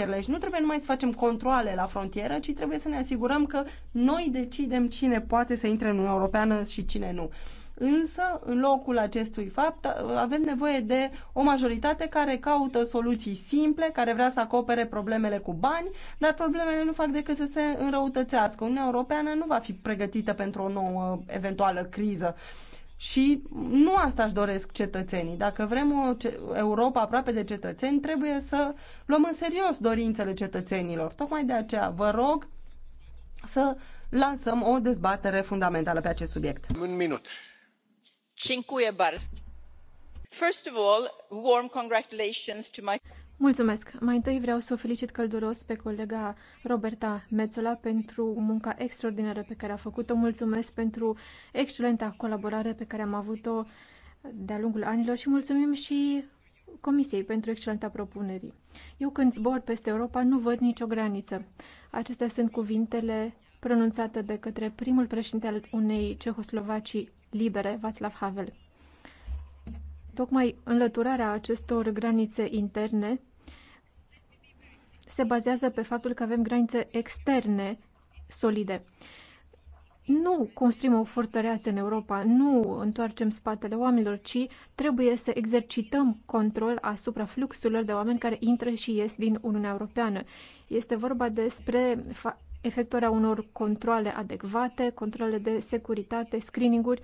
frontierele și nu trebuie numai să facem controle la frontieră, ci trebuie să ne asigurăm că noi decidem cine poate să intre în Uniunea Europeană și cine nu. Însă, în locul acestui fapt, avem nevoie de o majoritate care caută soluții simple, care vrea să acopere problemele cu bani, dar problemele nu fac decât să se înrăutățească. Uniunea Europeană nu va fi pregătită pentru o nouă eventuală criză. Și nu asta își doresc cetățenii. Dacă vrem o Europa aproape de cetățeni, trebuie să luăm în serios dorințele cetățenilor. Tocmai de aceea vă rog să lansăm o dezbatere fundamentală pe acest subiect. Un minut. Cinque bar. First of all, warm congratulations to my Mulțumesc! Mai întâi vreau să o felicit călduros pe colega Roberta Mețola pentru munca extraordinară pe care a făcut-o. Mulțumesc pentru excelenta colaborare pe care am avut-o de-a lungul anilor și mulțumim și Comisiei pentru excelenta propunerii. Eu când zbor peste Europa nu văd nicio graniță. Acestea sunt cuvintele pronunțate de către primul președinte al unei cehoslovacii libere, Václav Havel. Tocmai înlăturarea acestor granițe interne se bazează pe faptul că avem granițe externe solide. Nu construim o fortăreață în Europa, nu întoarcem spatele oamenilor, ci trebuie să exercităm control asupra fluxurilor de oameni care intră și ies din Uniunea Europeană. Este vorba despre efectuarea unor controle adecvate, controle de securitate, screening-uri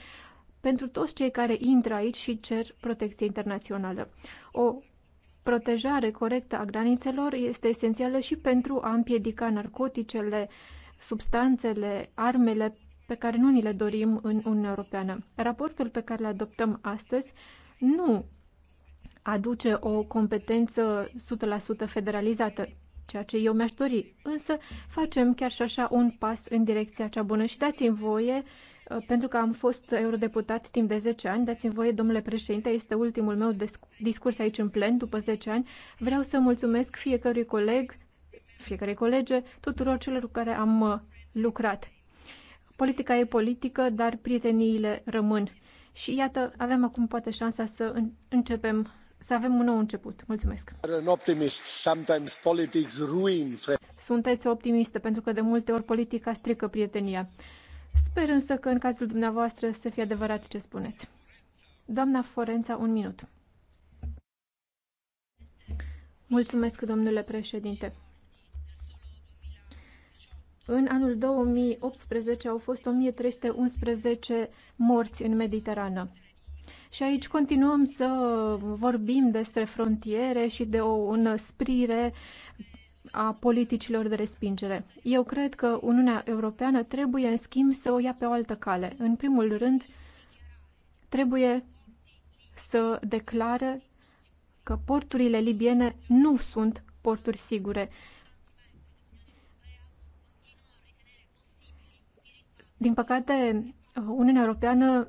pentru toți cei care intră aici și cer protecție internațională. O protejare corectă a granițelor este esențială și pentru a împiedica narcoticele, substanțele, armele pe care nu ni le dorim în Uniunea Europeană. Raportul pe care îl adoptăm astăzi nu aduce o competență 100% federalizată, ceea ce eu mi-aș dori, însă facem chiar și așa un pas în direcția cea bună și dați-mi voie Uh, pentru că am fost eurodeputat timp de 10 ani, dați-mi voie, domnule președinte, este ultimul meu discurs aici în plen, după 10 ani. Vreau să mulțumesc fiecărui coleg, fiecare colege, tuturor celor cu care am uh, lucrat. Politica e politică, dar prieteniile rămân. Și iată, avem acum poate șansa să începem, să avem un nou început. Mulțumesc! Sunteți optimiste, pentru că de multe ori politica strică prietenia. Sper însă că în cazul dumneavoastră să fie adevărat ce spuneți. Doamna Forența, un minut. Mulțumesc, domnule președinte. În anul 2018 au fost 1311 morți în Mediterană. Și aici continuăm să vorbim despre frontiere și de o înăsprire a politicilor de respingere. Eu cred că Uniunea Europeană trebuie, în schimb, să o ia pe o altă cale. În primul rând, trebuie să declare că porturile libiene nu sunt porturi sigure. Din păcate, Uniunea Europeană,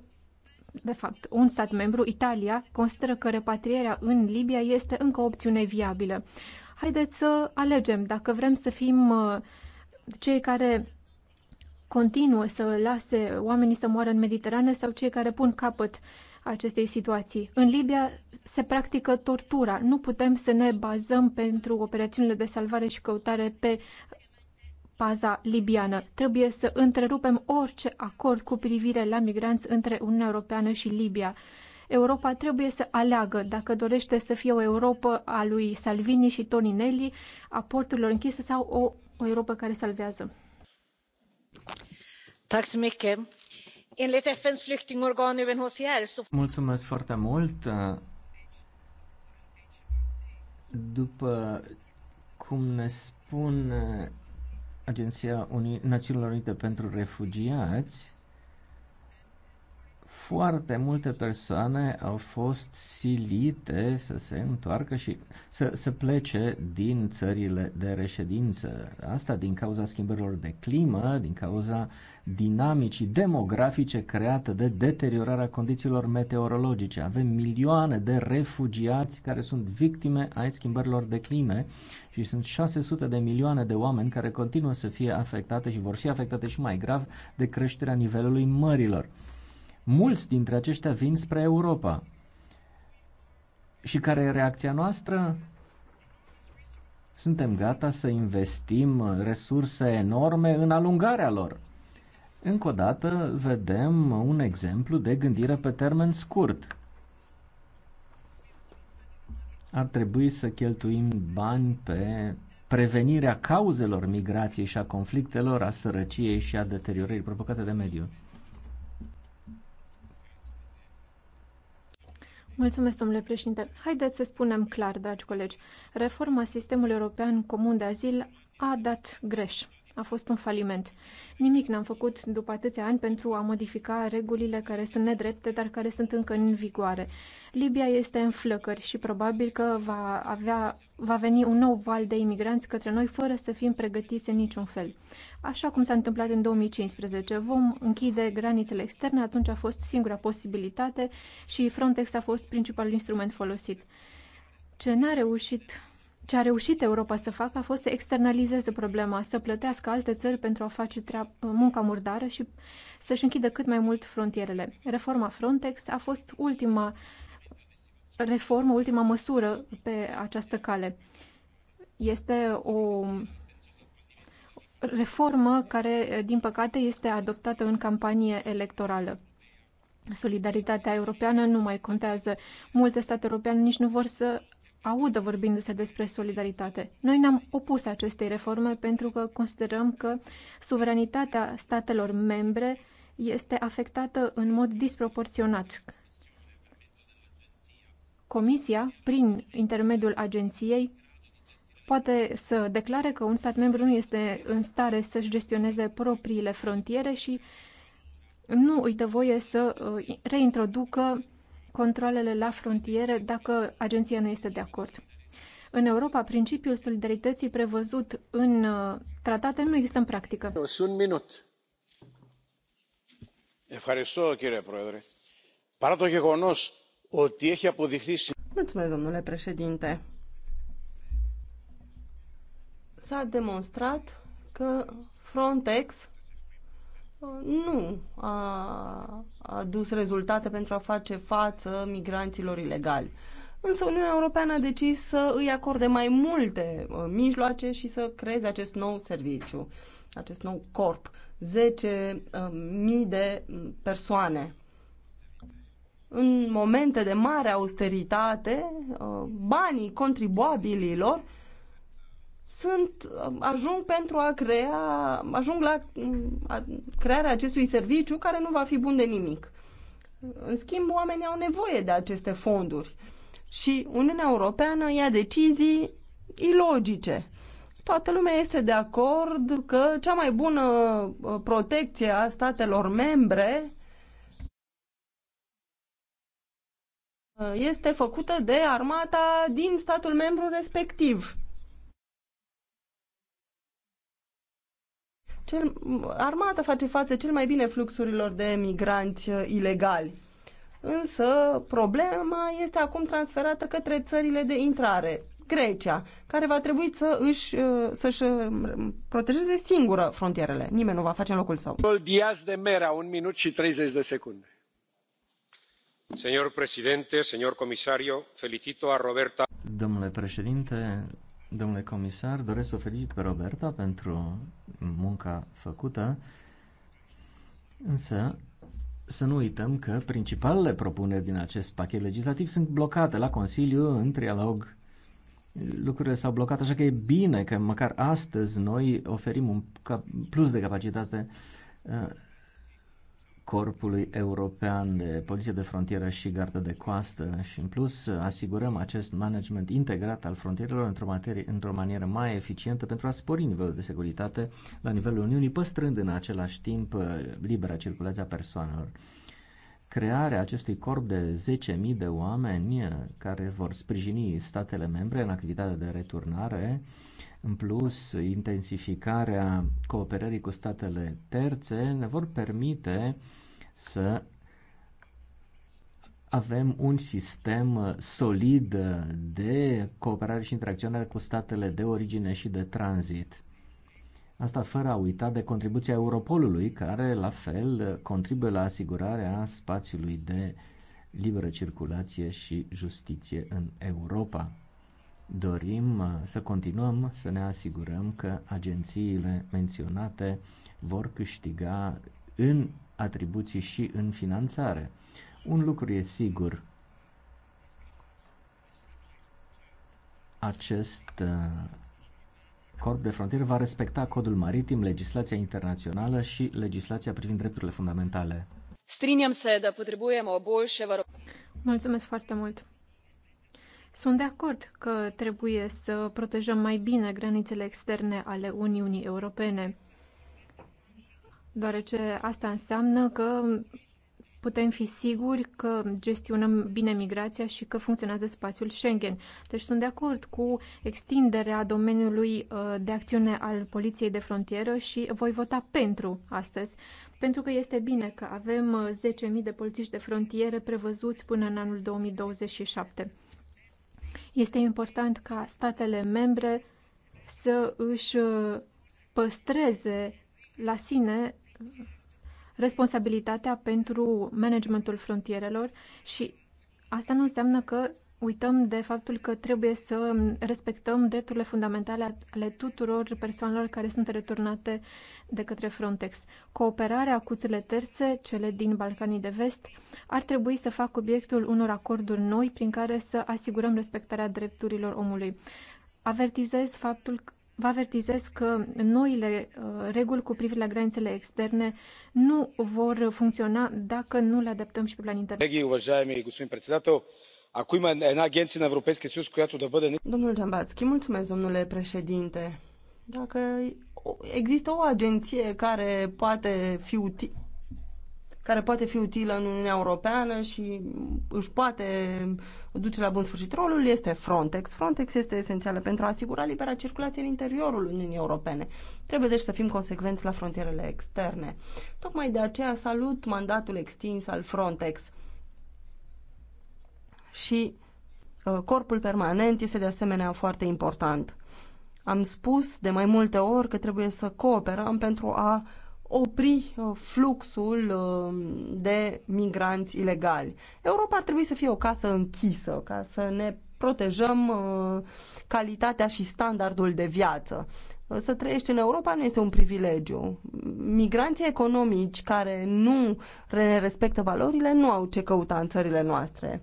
de fapt, un stat membru, Italia, consideră că repatrierea în Libia este încă o opțiune viabilă. Haideți să alegem dacă vrem să fim uh, cei care continuă să lase oamenii să moară în Mediterană sau cei care pun capăt acestei situații. În Libia se practică tortura. Nu putem să ne bazăm pentru operațiunile de salvare și căutare pe paza libiană. Trebuie să întrerupem orice acord cu privire la migranți între Uniunea Europeană și Libia. Europa trebuie să aleagă dacă dorește să fie o Europa a lui Salvini și Toninelli, a porturilor închise sau o, o Europa care salvează. Mulțumesc foarte mult. După cum ne spune Agenția Națiunilor Unite pentru Refugiați, foarte multe persoane au fost silite să se întoarcă și să, să plece din țările de reședință. Asta din cauza schimbărilor de climă, din cauza dinamicii demografice create de deteriorarea condițiilor meteorologice. Avem milioane de refugiați care sunt victime ai schimbărilor de clime și sunt 600 de milioane de oameni care continuă să fie afectate și vor fi afectate și mai grav de creșterea nivelului mărilor. Mulți dintre aceștia vin spre Europa. Și care e reacția noastră? Suntem gata să investim resurse enorme în alungarea lor. Încă o dată vedem un exemplu de gândire pe termen scurt. Ar trebui să cheltuim bani pe prevenirea cauzelor migrației și a conflictelor, a sărăciei și a deteriorării provocate de mediu. Mulțumesc, domnule președinte. Haideți să spunem clar, dragi colegi, reforma sistemului european comun de azil a dat greș. A fost un faliment. Nimic n-am făcut după atâția ani pentru a modifica regulile care sunt nedrepte, dar care sunt încă în vigoare. Libia este în flăcări și probabil că va avea va veni un nou val de imigranți către noi fără să fim pregătiți în niciun fel. Așa cum s-a întâmplat în 2015, vom închide granițele externe, atunci a fost singura posibilitate și Frontex a fost principalul instrument folosit. Ce n-a reușit ce a reușit Europa să facă a fost să externalizeze problema, să plătească alte țări pentru a face treab- munca murdară și să-și închidă cât mai mult frontierele. Reforma Frontex a fost ultima reformă, ultima măsură pe această cale. Este o reformă care, din păcate, este adoptată în campanie electorală. Solidaritatea europeană nu mai contează. Multe state europene nici nu vor să audă vorbindu-se despre solidaritate. Noi ne-am opus acestei reforme pentru că considerăm că suveranitatea statelor membre este afectată în mod disproporționat Comisia, prin intermediul agenției, poate să declare că un stat membru nu este în stare să-și gestioneze propriile frontiere și nu uită voie să uh, reintroducă controlele la frontiere dacă agenția nu este de acord. În Europa, principiul solidarității prevăzut în uh, tratate nu există în practică. Un minut. Mulțumesc, κύριε președinte. Παρά το γεγονός Mulțumesc, domnule președinte. S-a demonstrat că Frontex uh, nu a adus rezultate pentru a face față migranților ilegali. Însă Uniunea Europeană a decis să îi acorde mai multe uh, mijloace și să creeze acest nou serviciu, acest nou corp. 10.000 uh, de mm, persoane în momente de mare austeritate, uh, banii contribuabililor sunt, uh, ajung pentru a crea, ajung la mm, crearea acestui serviciu care nu va fi bun de nimic. În schimb, oamenii au nevoie de aceste fonduri și Uniunea Europeană ia decizii ilogice. Toată lumea este de acord că cea mai bună uh, protecție a statelor membre Uh, este făcută de armata din statul membru respectiv. Cel, armata face față cel mai bine fluxurilor de migranți uh, ilegali. Însă problema este acum transferată către țările de intrare. Grecia, care va trebui să își, uh, să-și protejeze singură frontierele. Nimeni nu va face în locul său. Diaz de Mera, un minut și 30 de secunde Domnule președinte, domnule comisar, doresc să o felicit pe Roberta pentru munca făcută, însă să nu uităm că principalele propuneri din acest pachet legislativ sunt blocate la Consiliu în trialog. Lucrurile s-au blocat, așa că e bine că măcar astăzi noi oferim un plus de capacitate uh, Corpului European de Poliție de Frontieră și Gardă de Coastă și în plus asigurăm acest management integrat al frontierelor într-o, materie, într-o manieră mai eficientă pentru a spori nivelul de securitate la nivelul Uniunii, păstrând în același timp uh, libera circulație a persoanelor. Crearea acestui corp de 10.000 de oameni uh, care vor sprijini statele membre în activitatea de returnare în plus, intensificarea cooperării cu statele terțe ne vor permite să avem un sistem solid de cooperare și interacționare cu statele de origine și de tranzit. Asta fără a uita de contribuția Europolului, care la fel contribuie la asigurarea spațiului de liberă circulație și justiție în Europa dorim uh, să continuăm să ne asigurăm că agențiile menționate vor câștiga în atribuții și în finanțare. Un lucru e sigur, acest uh, corp de frontieră va respecta codul maritim, legislația internațională și legislația privind drepturile fundamentale. Strinjam se da potrebujemo boljše varovanje. Mulțumesc foarte mult. Sunt de acord că trebuie să protejăm mai bine granițele externe ale Uniunii Europene, deoarece asta înseamnă că putem fi siguri că gestionăm bine migrația și că funcționează spațiul Schengen. Deci sunt de acord cu extinderea domeniului uh, de acțiune al Poliției de Frontieră și voi vota pentru astăzi, pentru că este bine că avem 10.000 uh, de polițiști de frontieră prevăzuți până în anul 2027. Este important ca statele membre să își uh, păstreze la sine responsabilitatea pentru managementul frontierelor și asta nu înseamnă că uităm de faptul că trebuie să respectăm drepturile fundamentale ale tuturor persoanelor care sunt returnate de către Frontex. Cooperarea cu țările terțe, cele din Balcanii de Vest, ar trebui să facă obiectul unor acorduri noi prin care să asigurăm respectarea drepturilor omului. Avertizez faptul că Vă avertizez că noile uh, reguli cu privire la granițele externe nu vor funcționa dacă nu le adaptăm și pe plan intern. Domnul Jambatski, mulțumesc, domnule președinte. Dacă există o agenție care poate fi utilă, care poate fi utilă în Uniunea Europeană și își poate duce la bun sfârșit rolul este Frontex. Frontex este esențială pentru a asigura libera circulație în interiorul Uniunii Europene. Trebuie deci să fim consecvenți la frontierele externe. Tocmai de aceea salut mandatul extins al Frontex și uh, corpul permanent este de asemenea foarte important. Am spus de mai multe ori că trebuie să cooperăm pentru a opri uh, fluxul uh, de migranți ilegali. Europa ar trebui să fie o casă închisă, ca să ne protejăm calitatea și standardul de viață. Să trăiești în Europa nu este un privilegiu. Migranții economici care nu respectă valorile nu au ce căuta în țările noastre.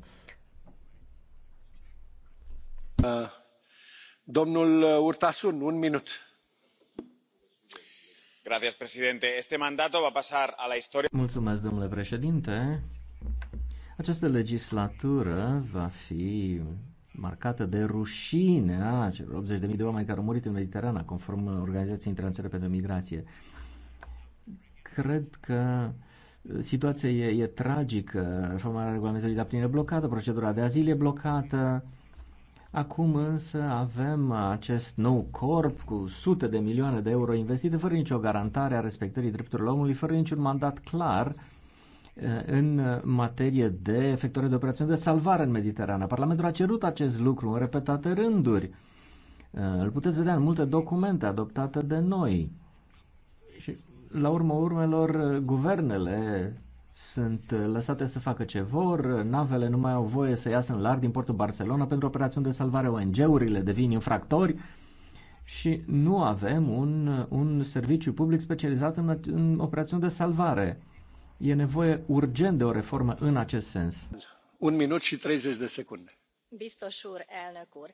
Mulțumesc, domnule președinte această legislatură va fi marcată de rușinea celor 80.000 de oameni care au murit în Mediterana, conform Organizației Internaționale pentru Migrație. Cred că situația e, tragică. Reforma regulamentului de plină blocată, procedura de azil e blocată, Acum însă avem acest nou corp cu sute de milioane de euro investite fără nicio garantare a respectării drepturilor omului, fără niciun mandat clar eh, în materie de efectuare de operațiuni de salvare în Mediterană. Parlamentul a cerut acest lucru în repetate rânduri. Eh, îl puteți vedea în multe documente adoptate de noi. Și la urma urmelor, eh, guvernele sunt uh, lăsate să facă ce vor, navele nu mai au voie să iasă în larg din portul Barcelona pentru operațiuni de salvare, ONG-urile devin infractori și nu avem un, un serviciu public specializat în, în operațiuni de salvare. E nevoie urgent de o reformă în acest sens. Un minut și 30 de secunde. Bistosur elnăcur.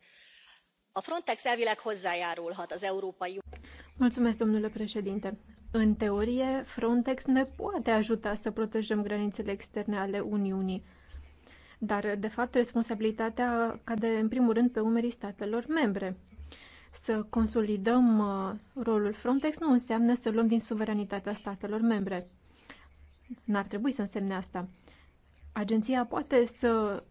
A Frontex elvileg hozzájárulhat az európai... Mulțumesc, domnule președinte. În teorie, Frontex ne poate ajuta să protejăm granițele externe ale Uniunii, dar, de fapt, responsabilitatea cade în primul rând pe umerii statelor membre. Să consolidăm uh, rolul Frontex nu înseamnă să luăm din suveranitatea statelor membre. N-ar trebui să însemne asta. Agenția poate să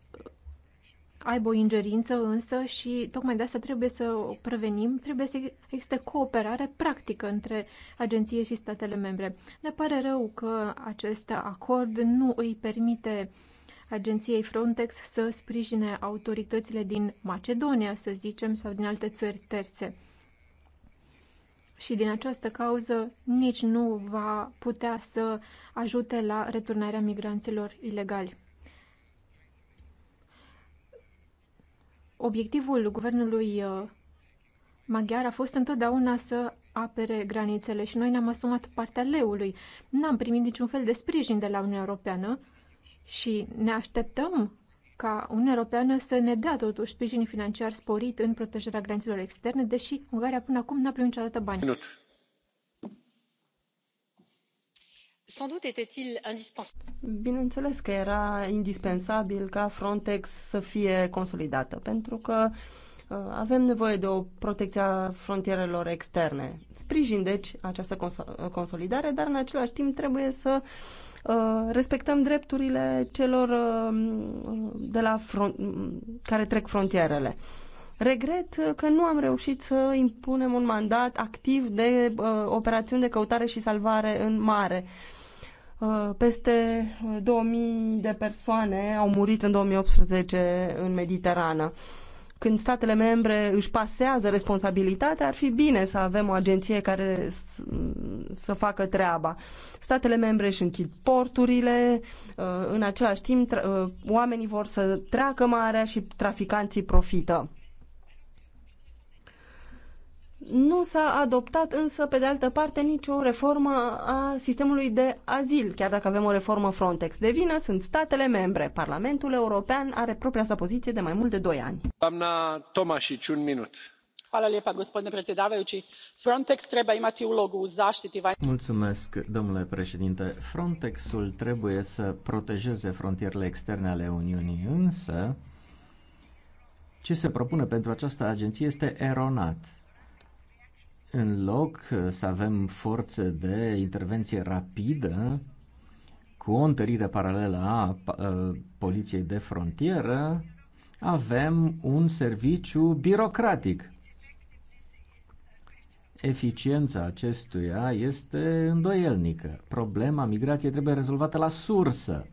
aibă o ingerință însă și tocmai de asta trebuie să o prevenim, trebuie să existe cooperare practică între agenție și statele membre. Ne pare rău că acest acord nu îi permite agenției Frontex să sprijine autoritățile din Macedonia, să zicem, sau din alte țări terțe. Și din această cauză nici nu va putea să ajute la returnarea migranților ilegali. Obiectivul guvernului uh, maghiar a fost întotdeauna să apere granițele și noi ne-am asumat partea leului. N-am primit niciun fel de sprijin de la Uniunea Europeană și ne așteptăm ca Uniunea Europeană să ne dea totuși sprijin financiar sporit în protejarea granițelor externe, deși Ungaria până acum n-a primit niciodată bani. Minut. Bineînțeles că era indispensabil ca Frontex să fie consolidată, pentru că uh, avem nevoie de o protecție a frontierelor externe. Sprijin, deci, această consolidare, dar în același timp trebuie să uh, respectăm drepturile celor uh, de la front, care trec frontierele. Regret că nu am reușit să impunem un mandat activ de uh, operațiuni de căutare și salvare în mare. Uh, Uh, peste 2000 uh, de persoane au murit în 2018 în Mediterană. Când statele membre își pasează responsabilitatea, ar fi bine să avem o agenție care să facă treaba. Statele membre își închid porturile, uh, în același timp oamenii vor să treacă marea și traficanții profită nu s-a adoptat însă, pe de altă parte, nicio reformă a sistemului de azil, chiar dacă avem o reformă Frontex. De vină sunt statele membre. Parlamentul European are propria sa poziție de mai mult de 2 ani. Doamna Tomașici, un minut. gospodine predsjedavajući frontex treba imati ulogu u zaštiti Mulțumesc, domnule președinte. Frontexul trebuie să protejeze frontierele externe ale Uniunii, însă ce se propune pentru această agenție este eronat în loc uh, să avem forțe de intervenție rapidă, cu o întărire paralelă a uh, poliției de frontieră, avem un serviciu birocratic. Eficiența acestuia este îndoielnică. Problema migrației trebuie rezolvată la sursă.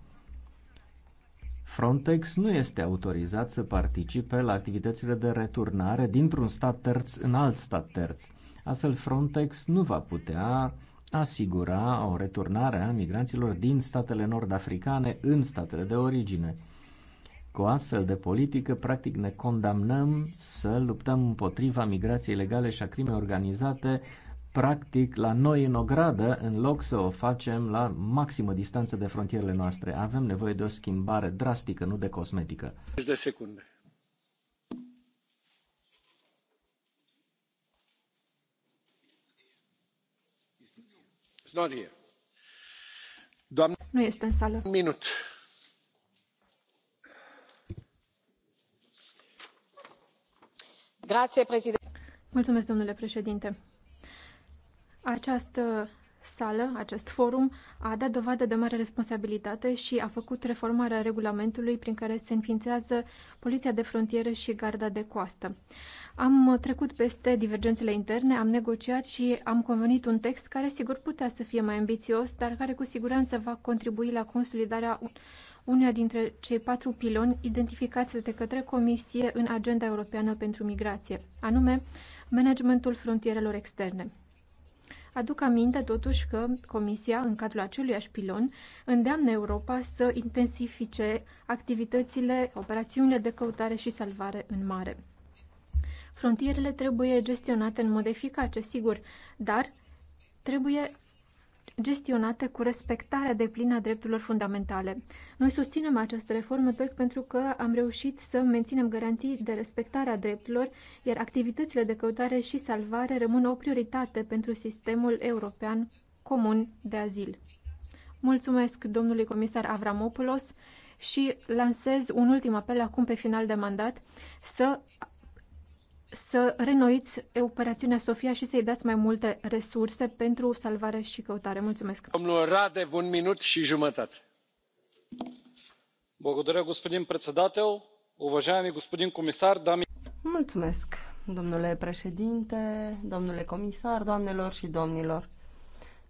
Frontex nu este autorizat să participe la activitățile de returnare dintr-un stat terț în alt stat terț. Astfel, Frontex nu va putea asigura o returnare a migranților din statele nord-africane în statele de origine. Cu astfel de politică, practic, ne condamnăm să luptăm împotriva migrației ilegale și a crimei organizate, practic, la noi în ogradă, în loc să o facem la maximă distanță de frontierele noastre. Avem nevoie de o schimbare drastică, nu de cosmetică. Deci de secunde. nu este în sală. Grazie, Mulțumesc, domnule președinte această sală, acest forum, a dat dovadă de mare responsabilitate și a făcut reformarea regulamentului prin care se înființează Poliția de Frontieră și Garda de Coastă. Am trecut peste divergențele interne, am negociat și am convenit un text care sigur putea să fie mai ambițios, dar care cu siguranță va contribui la consolidarea uneia dintre cei patru piloni identificați de către Comisie în Agenda Europeană pentru Migrație, anume managementul frontierelor externe. Aduc aminte totuși că Comisia, în cadrul aceluiași pilon, îndeamnă Europa să intensifice activitățile, operațiunile de căutare și salvare în mare. Frontierele trebuie gestionate în mod eficace, sigur, dar trebuie gestionate cu respectarea deplină a drepturilor fundamentale. Noi susținem această reformă tocmai pentru că am reușit să menținem garanții de respectare a drepturilor, iar activitățile de căutare și salvare rămân o prioritate pentru sistemul european comun de azil. Mulțumesc domnului comisar Avramopoulos și lansez un ultim apel acum pe final de mandat să să renoiți operațiunea Sofia și să-i dați mai multe resurse pentru salvare și căutare. Mulțumesc. Domnul Radev, un minut și jumătate. Mulțumesc, domnule președinte, domnule comisar, doamnelor și domnilor.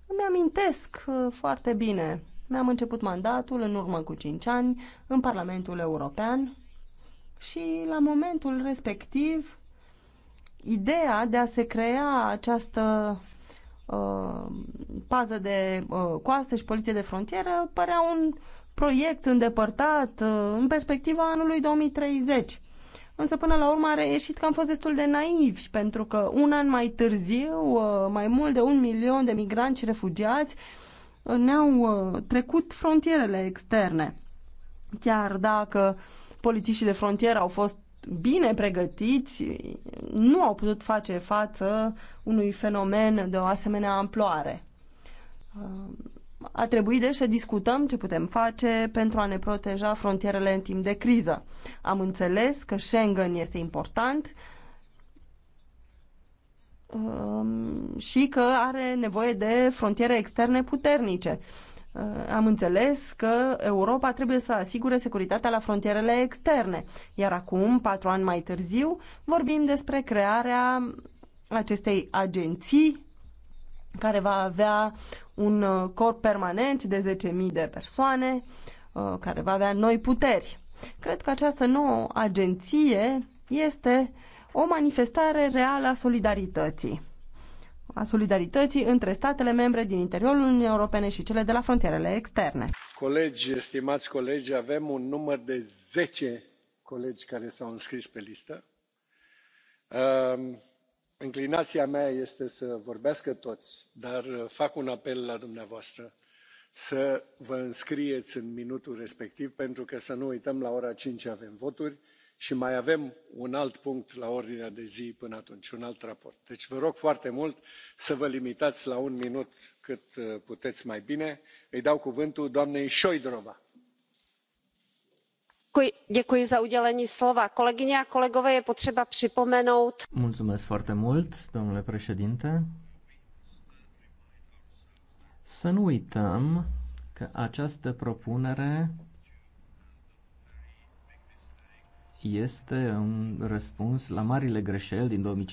Îmi amintesc uh, foarte bine. Mi-am început mandatul în urmă cu 5 ani în Parlamentul European și la momentul respectiv ideea de a se crea această uh, pază de uh, coastă și poliție de frontieră părea un proiect îndepărtat uh, în perspectiva anului 2030. Însă până la urmă a reieșit că am fost destul de naivi, pentru că un an mai târziu, uh, mai mult de un milion de migranți și refugiați uh, ne-au uh, trecut frontierele externe. Chiar dacă politicii de frontieră au fost bine pregătiți nu au putut face față unui fenomen de o asemenea amploare. A trebuit deci să discutăm ce putem face pentru a ne proteja frontierele în timp de criză. Am înțeles că Schengen este important um, și că are nevoie de frontiere externe puternice. Eh, am înțeles că Europa trebuie să asigure securitatea la frontierele externe. Iar acum, patru ani mai târziu, vorbim despre crearea acestei agenții care va avea un eh, corp permanent de 10.000 de persoane, eh, care va avea noi puteri. Cred că această nouă agenție este o manifestare reală a solidarității a solidarității între statele membre din interiorul Uniunii Europene și cele de la frontierele externe. Colegi, stimați colegi, avem un număr de 10 colegi care s-au înscris pe listă. Înclinația ehm, mea este să vorbească toți, dar fac un apel la dumneavoastră să vă înscrieți în minutul respectiv pentru că să nu uităm la ora cinci avem voturi și mai avem un alt punct la ordinea de zi până atunci un alt raport deci vă rog foarte mult să vă limitați la un minut cât uh, puteți mai bine. îi dau cuvântul doamnei șojdrov. Mulțumesc foarte mult, domnule președinte să nu uităm că această propunere este un răspuns la marile greșeli din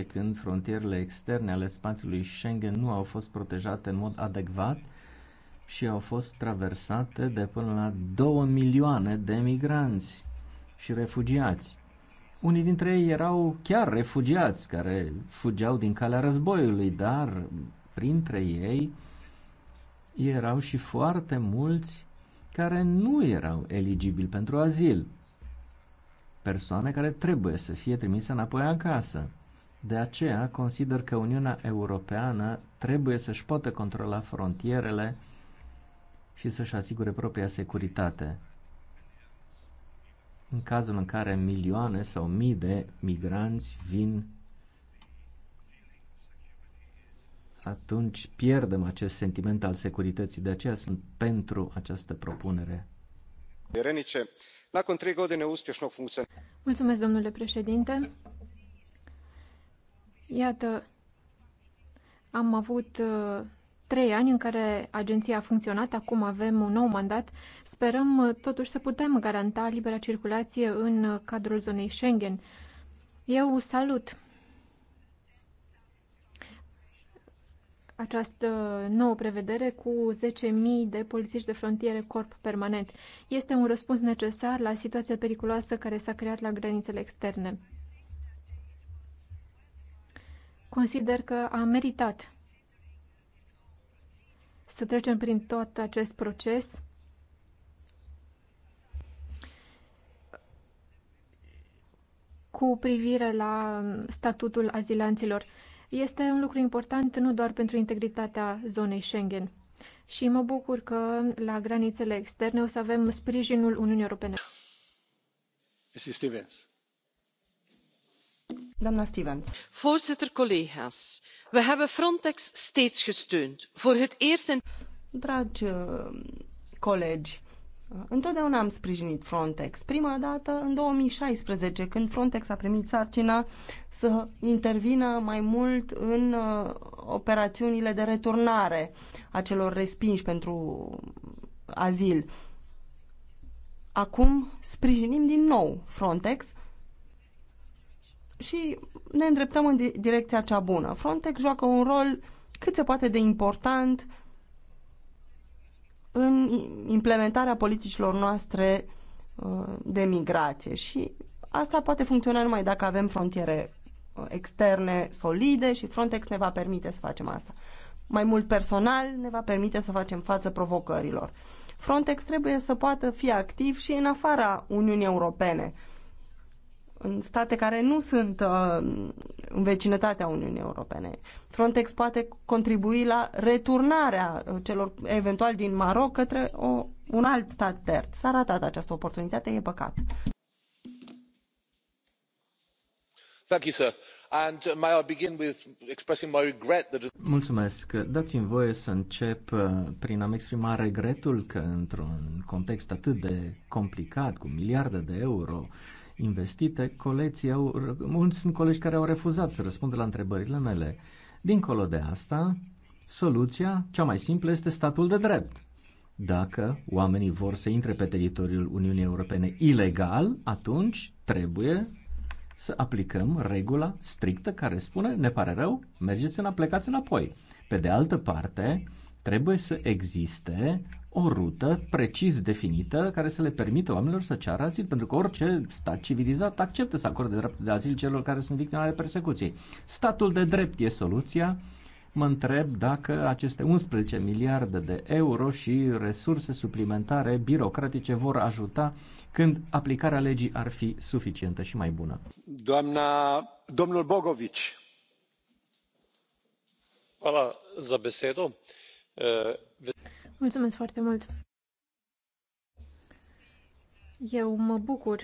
2015-2016, când frontierele externe ale spațiului Schengen nu au fost protejate în mod adecvat și au fost traversate de până la 2 milioane de migranți și refugiați. Unii dintre ei erau chiar refugiați care fugeau din calea războiului, dar printre ei erau și foarte mulți care nu erau eligibili pentru azil, persoane care trebuie să fie trimise înapoi acasă. De aceea consider că Uniunea Europeană trebuie să-și poată controla frontierele și să-și asigure propria securitate. În cazul în care milioane sau mii de migranți vin atunci pierdem acest sentiment al securității. De aceea sunt pentru această propunere. Mulțumesc, domnule președinte. Iată, am avut uh, trei ani în care agenția a funcționat, acum avem un nou mandat. Sperăm uh, totuși să putem garanta libera circulație în uh, cadrul zonei Schengen. Eu salut această nouă prevedere cu 10.000 de polițiști de frontiere corp permanent. Este un răspuns necesar la situația periculoasă care s-a creat la granițele externe. Consider că a meritat să trecem prin tot acest proces cu privire la statutul azilanților este un lucru important nu doar pentru integritatea zonei Schengen. Și mă bucur că la granițele externe o să avem sprijinul Uniunii Europene. Stevens. Doamna Stevens. Voorzitter, collega's. We hebben Frontex steeds gesteund. Voor het eerst in... Dragi uh, colegi, Întotdeauna am sprijinit Frontex. Prima dată în 2016, când Frontex a primit sarcina să intervină mai mult în uh, operațiunile de returnare a celor respinși pentru azil. Acum sprijinim din nou Frontex și ne îndreptăm în direcția cea bună. Frontex joacă un rol cât se poate de important uh, în implementarea politicilor noastre uh, de migrație și asta poate funcționa numai dacă avem frontiere uh, externe solide și Frontex ne va permite să facem asta. Mai mult personal ne va permite să facem față provocărilor. Frontex trebuie să poată fi activ și în afara Uniunii Europene în state care nu sunt uh, în vecinătatea Uniunii Europene. Frontex poate contribui la returnarea uh, celor eventual din Maroc către o, un alt stat terț. S-a ratat această oportunitate, e păcat. Thank you, sir. And uh, may I begin with expressing my regret that... Mulțumesc. Dați-mi voie să încep uh, prin a-mi exprima regretul că într-un context atât de complicat, cu miliarde de euro, uh, investite, colegii au, mulți sunt colegi care au refuzat să răspundă la întrebările mele. Dincolo de asta, soluția cea mai simplă este statul de drept. Dacă oamenii vor să intre pe teritoriul Uniunii Europene ilegal, atunci trebuie să aplicăm regula strictă care spune, ne pare rău, mergeți în, plecați înapoi. Pe de altă parte, trebuie să existe o rută precis definită care să le permită oamenilor să ceară azil, pentru că orice stat civilizat acceptă să acorde dreptul de azil celor care sunt victime ale persecuției. Statul de drept e soluția. Mă întreb dacă aceste 11 miliarde de euro și resurse suplimentare birocratice vor ajuta când aplicarea legii ar fi suficientă și mai bună. Doamna, domnul Bogovici. Hvala za besedo. Eh, Mulțumesc foarte mult! Eu mă bucur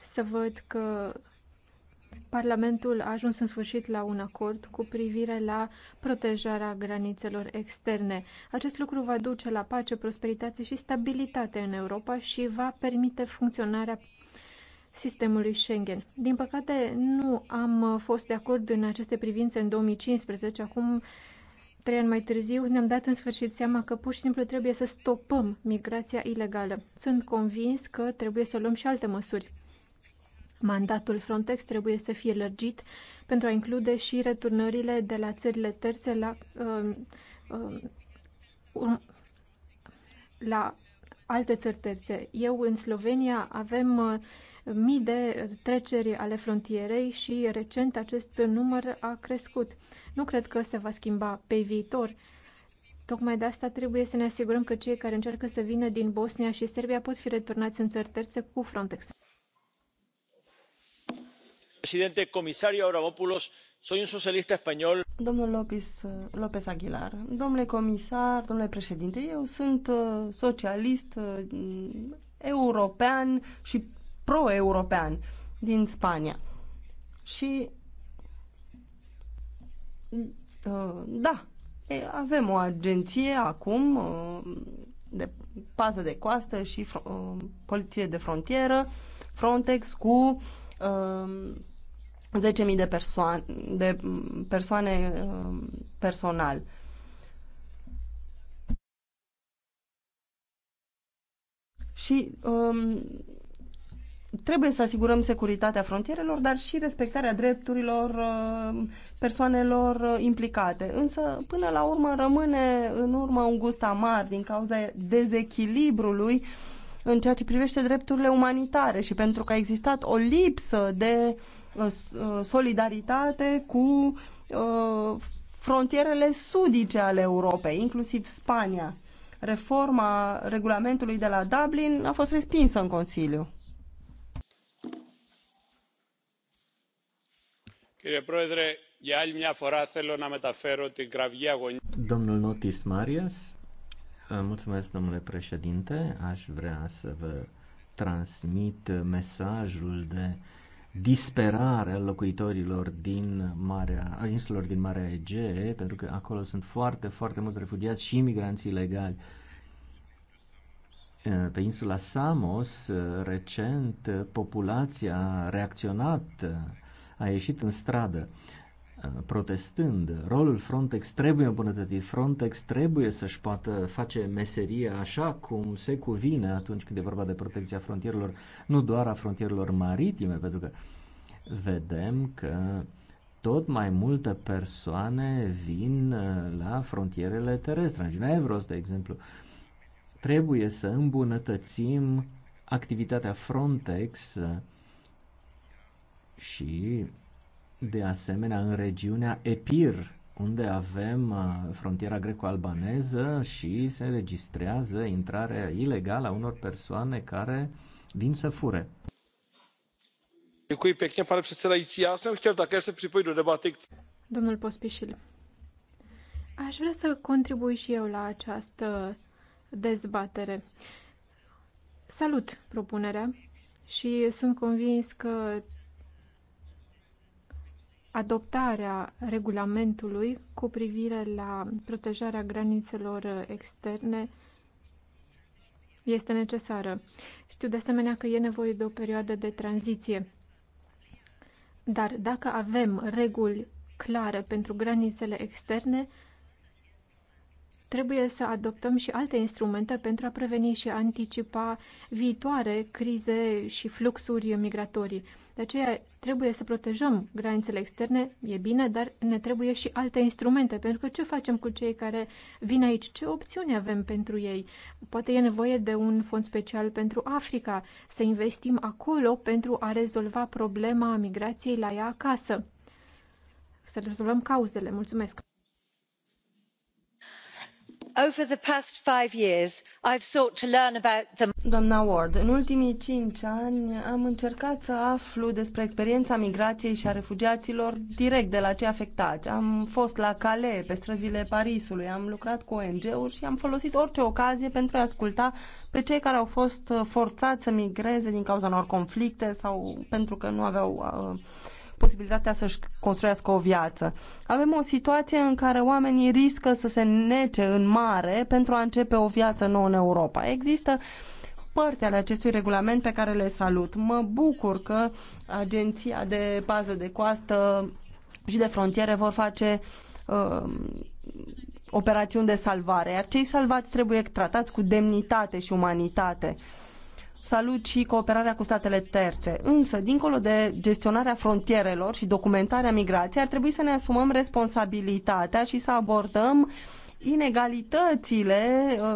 să văd că Parlamentul a ajuns în sfârșit la un acord cu privire la protejarea granițelor externe. Acest lucru va duce la pace, prosperitate și stabilitate în Europa și va permite funcționarea sistemului Schengen. Din păcate, nu am fost de acord în aceste privințe în 2015, acum trei ani mai târziu, ne-am dat în sfârșit seama că pur și simplu trebuie să stopăm migrația ilegală. Sunt convins că trebuie să luăm și alte măsuri. Mandatul Frontex trebuie să fie lărgit pentru a include și returnările de la țările terțe la, uh, uh, la alte țări terțe. Eu, în Slovenia, avem uh, mii de treceri ale frontierei și recent acest număr a crescut. Nu cred că se va schimba pe viitor. Tocmai de asta trebuie să ne asigurăm că cei care încearcă să vină din Bosnia și Serbia pot fi returnați în țări terțe cu Frontex. Președinte, comisario Avramopoulos, soy un socialista español. Domnul López, López Aguilar, domnule comisar, domnule președinte, eu sunt uh, socialist uh, european și pro-european din Spania. Și uh, da, avem o agenție acum uh, de pază de coastă și uh, poliție de frontieră, Frontex cu 10.000 de persoane, de persoane personal. Și um, trebuie să asigurăm securitatea frontierelor, dar și respectarea drepturilor uh, persoanelor uh, implicate. Însă, până la urmă, rămâne în urmă un gust amar din cauza dezechilibrului în ceea ce privește drepturile umanitare și pentru că a existat o lipsă de uh, solidaritate cu frontierele sudice ale Europei, inclusiv Spania reforma regulamentului de la Dublin a fost respinsă în Consiliu. Domnul Notis Marias, mulțumesc domnule președinte, aș vrea să vă transmit mesajul de disperare al locuitorilor din Marea, a insulelor din Marea Egee, pentru că acolo sunt foarte, foarte mulți refugiați și imigranți ilegali. Pe insula Samos, recent, populația a reacționat a ieșit în stradă uh, protestând. Rolul Frontex trebuie îmbunătățit. Frontex trebuie să-și poată face meseria așa cum se cuvine atunci când e vorba de protecția frontierelor, nu doar a frontierelor maritime, pentru că vedem că tot mai multe persoane vin uh, la frontierele terestre. În Ginevros, de exemplu, trebuie să îmbunătățim activitatea Frontex uh, și de asemenea în regiunea Epir, unde avem uh, frontiera greco-albaneză și se registrează intrarea ilegală a unor persoane care vin să fure. Děkuji pěkně, pane předsedající. Já jsem chtěl také se připojit do debaty. Domnul Pospișil, aș vrea să contribui și eu la această dezbatere. Salut propunerea și sunt convins că adoptarea regulamentului cu privire la protejarea granițelor externe este necesară. Știu de asemenea că e nevoie de o perioadă de tranziție. Dar dacă avem reguli clare pentru granițele externe, trebuie să adoptăm și alte instrumente pentru a preveni și a anticipa viitoare crize și fluxuri migratorii. De aceea trebuie să protejăm granițele externe, e bine, dar ne trebuie și alte instrumente, pentru că ce facem cu cei care vin aici? Ce opțiuni avem pentru ei? Poate e nevoie de un fond special pentru Africa, să investim acolo pentru a rezolva problema migrației la ea acasă. Să rezolvăm cauzele. Mulțumesc! doamnă ward în ultimii cinci ani am încercat să aflu despre experiența migrației și a refugiaților direct de la cei afectați. Am fost la Calais, pe străzile Parisului, am lucrat cu ONG-uri și am folosit orice ocazie pentru a asculta pe cei care au fost uh, forțați să migreze din cauza unor conflicte sau pentru că nu aveau uh, posibilitatea să-și construiască o viață. Avem o situație în care oamenii riscă să se nece în mare pentru a începe o viață nouă în Europa. Există părți ale acestui regulament pe care le salut. Mă bucur că Agenția de Pază de Coastă și de Frontiere vor face uh, operațiuni de salvare, iar cei salvați trebuie tratați cu demnitate și umanitate. Uh, Salut și cooperarea cu statele terțe. Însă, dincolo de gestionarea frontierelor și documentarea migrației, ar trebui să ne asumăm responsabilitatea și să abordăm inegalitățile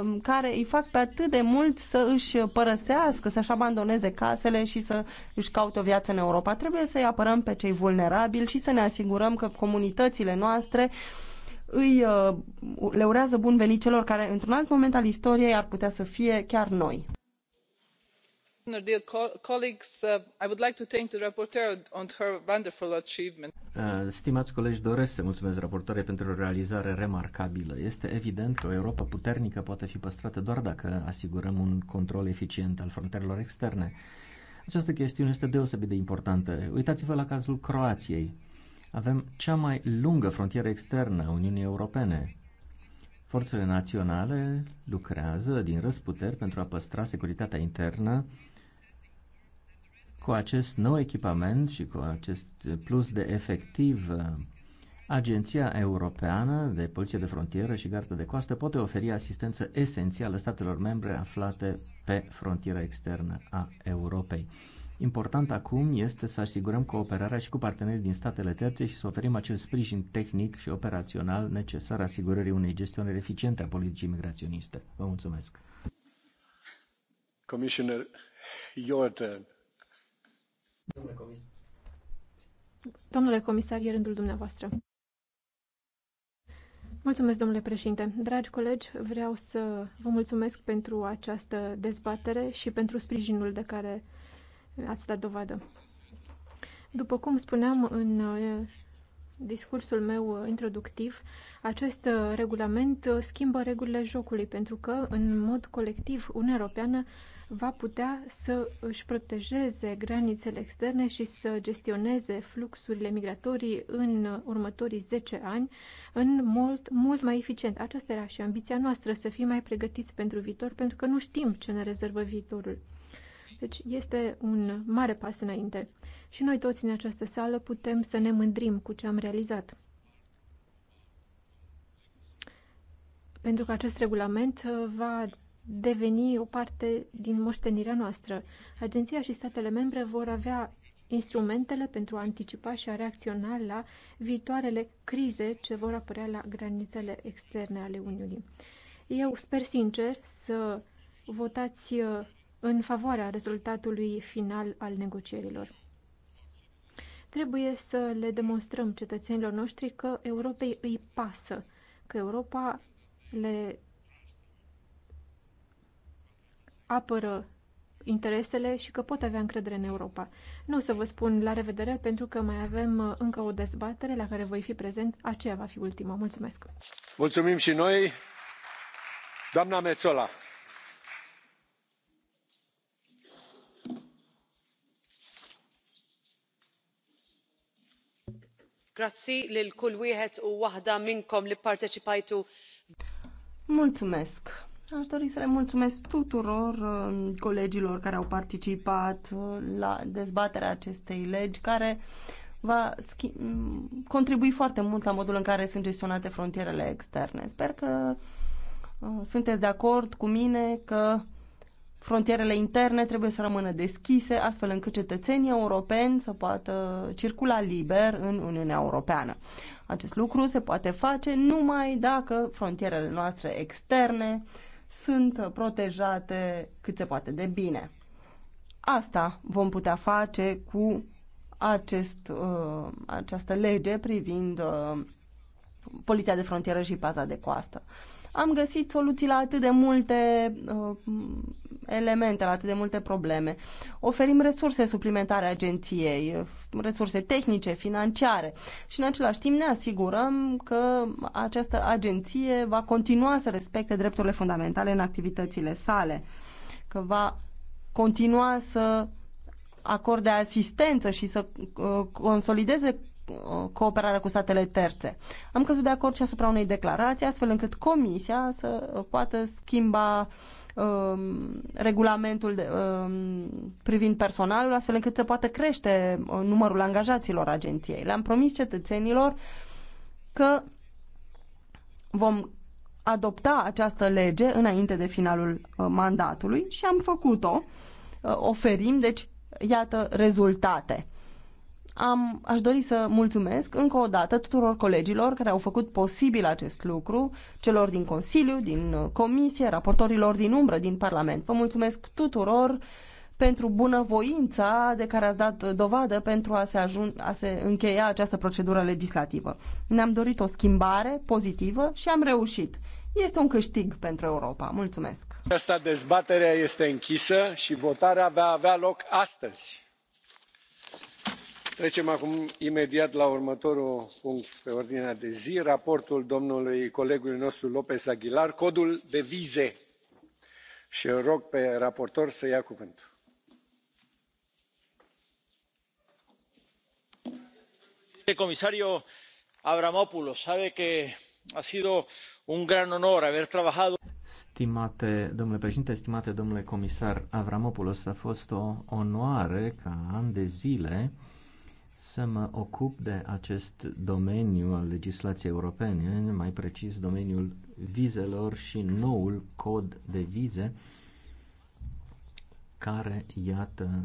um, care îi fac pe atât de mult să își părăsească, să-și abandoneze casele și să își caute o viață în Europa. Trebuie să-i apărăm pe cei vulnerabili și să ne asigurăm că comunitățile noastre îi, uh, le urează bun venit celor care, într-un alt moment al istoriei, ar putea să fie chiar noi. Stimați colegi, doresc să mulțumesc raportoarei pentru o realizare remarcabilă. Este evident că o Europa puternică poate fi păstrată doar dacă asigurăm un control eficient al frontierelor externe. Această chestiune este deosebit de importantă. Uitați-vă la cazul Croației. Avem cea mai lungă frontieră externă a Uniunii Europene. Forțele naționale lucrează din răsputeri pentru a păstra securitatea internă cu acest nou echipament și cu acest plus de efectiv, Agenția Europeană de Poliție de Frontieră și Gardă de Coastă poate oferi asistență esențială statelor membre aflate pe frontiera externă a Europei. Important acum este să asigurăm cooperarea și cu partenerii din statele terțe și să oferim acel sprijin tehnic și operațional necesar asigurării unei gestionări eficiente a politicii migraționiste. Vă mulțumesc. Commissioner, your turn. Domnule comisar. Domnule comisar, e rândul dumneavoastră. Mulțumesc, domnule președinte. Dragi colegi, vreau să vă mulțumesc pentru această dezbatere și pentru sprijinul de care ați dat dovadă. După cum spuneam în discursul meu uh, introductiv, acest uh, regulament uh, schimbă regulile jocului, pentru că, în mod colectiv, Uniunea Europeană va putea să își protejeze granițele externe și să gestioneze fluxurile migratorii în următorii 10 ani în mult, mult mai eficient. Aceasta era și ambiția noastră, să fim mai pregătiți pentru viitor, pentru că nu știm ce ne rezervă viitorul. Deci este un mare pas înainte și noi toți în această sală putem să ne mândrim cu ce am realizat. Pentru că acest regulament uh, va deveni o parte din moștenirea noastră. Agenția și statele membre vor avea instrumentele pentru a anticipa și a reacționa la viitoarele crize ce vor apărea la granițele externe ale Uniunii. Eu sper sincer să votați uh, în favoarea rezultatului final al negocierilor. Trebuie să le demonstrăm cetățenilor noștri că Europei îi pasă, că Europa le apără interesele și că pot avea încredere în Europa. Nu o să vă spun la revedere pentru că mai avem uh, încă o dezbatere la care voi fi prezent. Aceea va fi ultima. Mulțumesc! Mulțumim și noi! Doamna Mețola! Mulțumesc. Aș dori să le mulțumesc tuturor um, colegilor care au participat uh, la dezbaterea acestei legi, care va contribui foarte mult la modul în care sunt gestionate frontierele externe. Sper că uh, sunteți de acord cu mine că Frontierele interne trebuie să rămână deschise, astfel încât cetățenii europeni să poată circula liber în Uniunea Europeană. Acest lucru se poate face numai dacă frontierele noastre externe sunt protejate cât se poate de bine. Asta vom putea face cu acest, uh, această lege privind uh, Poliția de Frontieră și Paza de Coastă. Uh, am găsit soluții la atât de multe uh, elemente, la atât de multe probleme. Oferim resurse suplimentare agenției, uh, resurse tehnice, financiare și în același timp ne asigurăm că această agenție va continua să respecte drepturile fundamentale în activitățile sale, că va continua să acorde asistență și să uh, consolideze cooperarea cu statele terțe. Am căzut de acord și asupra unei declarații, astfel încât Comisia să poată schimba um, regulamentul de, um, privind personalul, astfel încât să poată crește uh, numărul angajaților agenției. Le-am promis cetățenilor că vom adopta această lege înainte de finalul uh, mandatului și am făcut-o. Uh, oferim, deci, iată, rezultate am, aș dori să mulțumesc încă o dată tuturor colegilor care au făcut posibil acest lucru, celor din Consiliu, din uh, Comisie, raportorilor din umbră din Parlament. Vă mulțumesc tuturor pentru bunăvoința de care ați dat dovadă pentru a se, ajun- a se încheia această procedură legislativă. Ne-am dorit o schimbare pozitivă și am reușit. Este un câștig pentru Europa. Mulțumesc! Asta dezbaterea este închisă și votarea va avea loc astăzi trecem acum imediat la următorul punct pe ordinea de zi raportul domnului colegului nostru lpez aguilar codul de vize și îl rog pe raportor să ia cuvântul. domnule comisario avramopoulos sabe que ha sido un gran honor haber trabajado. Stimate domnule președinte, stimate domnule comisar Avramopoulos, a fost o onoare ca an de zile să mă ocup de acest domeniu al legislației europene, mai precis domeniul vizelor și noul cod de vize care, iată,